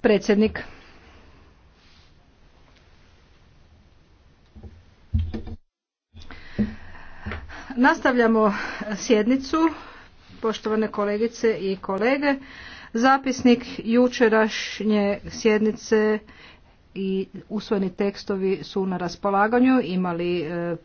Predsjednik. Nastavljamo sjednicu, poštovane kolegice i kolege. Zapisnik jučerašnje sjednice i usvojeni tekstovi su na raspolaganju. Imali e,